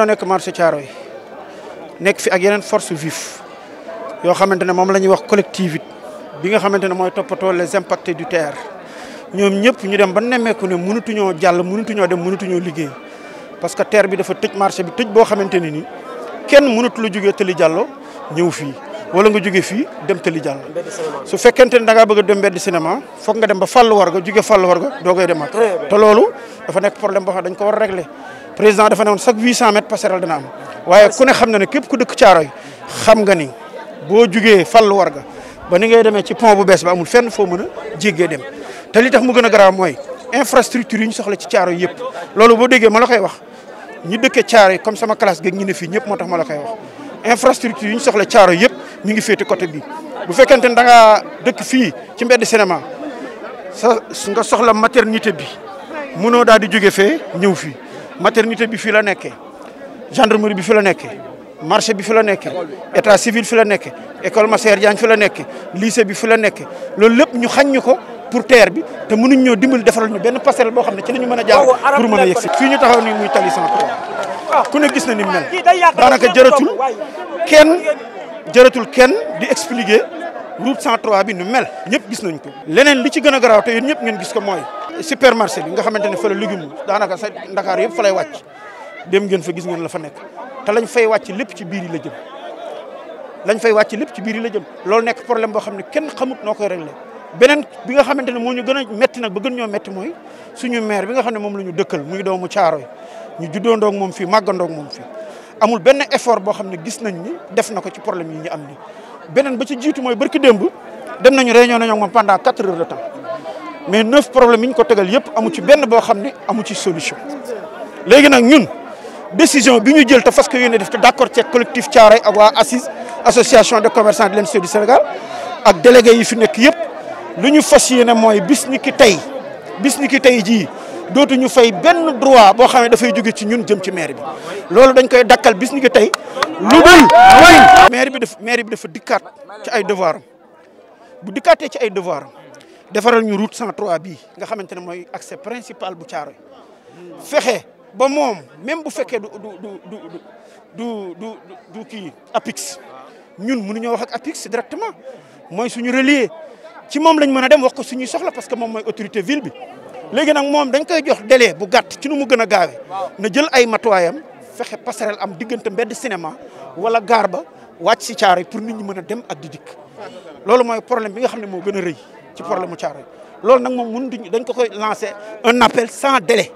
ñoo nek marché Thiaroye nek fi ak yenen force vif yo xamantene mom lañuy wax collectivité bi nga xamantene moy topato les impacts du terre ñom ñëpp ñu dem ba nemmeeku ne jall mënutu ñoo dem ñoo liggéey parce que terre bi dafa tejj marché bi tejj bo xamante ni kenn mënatu la jógee Tali jallo ñew fi wala nga joggé fi dem Tali jall su fekkente da nga bëgg dem mbedd cinéma fokk nga dem ba fall war ga joggé fall war ga dogay koy demaat te lolu dafa nek problème bo xam dañ ko war régler président dafa ne woon chaque 800 mètres passerelle dina am waaye ku ne xam na ne képp ku dëkk Caaroy xam nga ni boo jugee Fallou Warga ba ni ngay demee ci pont bu bees ba amul fenn foo mën a jéggee dem te li tax mu gën a garaaw mooy infrastructure yi ñu soxla ci Caaroy yëpp loolu boo déggee ma la koy wax ñu dëkkee Caaroy comme sama classe gi ñu ne fii ñëpp moo tax ma koy wax infrastructure yi ñu soxla Caaroy yëpp mi ngi féete côté bi bu fekkente ne danga dëkk fii ci mbedd cinéma sa nga soxla maternité bi mënoo daal di jugee fee ñëw fii maternité bi fi la nekkee gendarmerie bi fi la nekkee marché bi fi la nekkee état civil fi la nekkee école Massaër Diagne fi la nekkee lycée bi fi la nekkee lolou lepp ñu xañ ñu ko pour terre bi te mënuñ ñoo dimbal defaral ñu benn passerelle bo xamné ci lañu mëna jaar pour mëna a fi ñu taxaw ni muy tali 103 ah, ku ne gis na ni mel danaka jëratul kenn jëratul kenn di expliquer route 103 bi nu mel ñëpp gis nañ ko leneen li ci gëna graw te yéen ñëpp ngeen gis ko moy supermarché bi nga xamante ne fa la légume daanaka sa Ndakaar yëpp fa lay wàcc dem ngeen fa gis ngeen la fa nekk te lañ fay wàcc lépp ci biir yi la jëm lañ fay wàcc lépp ci biir la jëm loolu nekk problème boo xam ne kenn xamut noo koy réglé beneen bi nga xamante ne moo ñu gën a métti nag ba gën ñoo métti mooy suñu maire bi nga xam ne moom la ñu dëkkal muy doomu Caaroy ñu juddoondoog moom fii màggandoog moom fi amul benn effort boo xam ne gis nañ ni def na ko ci problème yi ñu am ni beneen ba ci jiitu mooy barki démb dem nañu réunion nañoo moom pendant quatre heures de temps mais neuf problème yi ñu ko tegal yëpp amu ci benn boo xam ne amu ci solution léegi nag ñun décision bi ñu jël te fas ko yéene def te d' accord ceeg collectif Thiaroye ak waa assise association de commercant de l' industrie du Sénégal ak délégué yi fi nekk yëpp lu ñu fas yéene mooy bis tey bis tey jii dootuñu fay benn droit boo xam ne dafay jóge ci ñun jëm ci maire bi loolu dañ koy dakkal bis ni tey lu dul maire bi dafa maire bi dafa dikkaat ci ay devoir am bu dikkaatee ci ay devoir defaral ñu route 103 bii nga xamante ne mooy accès principal bu Thiaroye fexe ba moom même bu fekkee du du du du du du kii APIX ñun mënuñoo wax ak APIX directement mooy suñu relier ci moom lañ mën a dem wax ko suñuy soxla parce que moom mooy autorité ville bi. léegi nag moom dañ koy jox délai bu gàtt ci nu mu gën a gaawee na jël ay matuwaayam fexe passerelle am diggante mbedd cinéma wala gaar ba wàcc si Thiaroye pour nit ñu mën a dem ak di dikk loolu mooy problème bi nga xam ne moo gën a rëy. pour problème mu L'on nous lancer un appel sans délai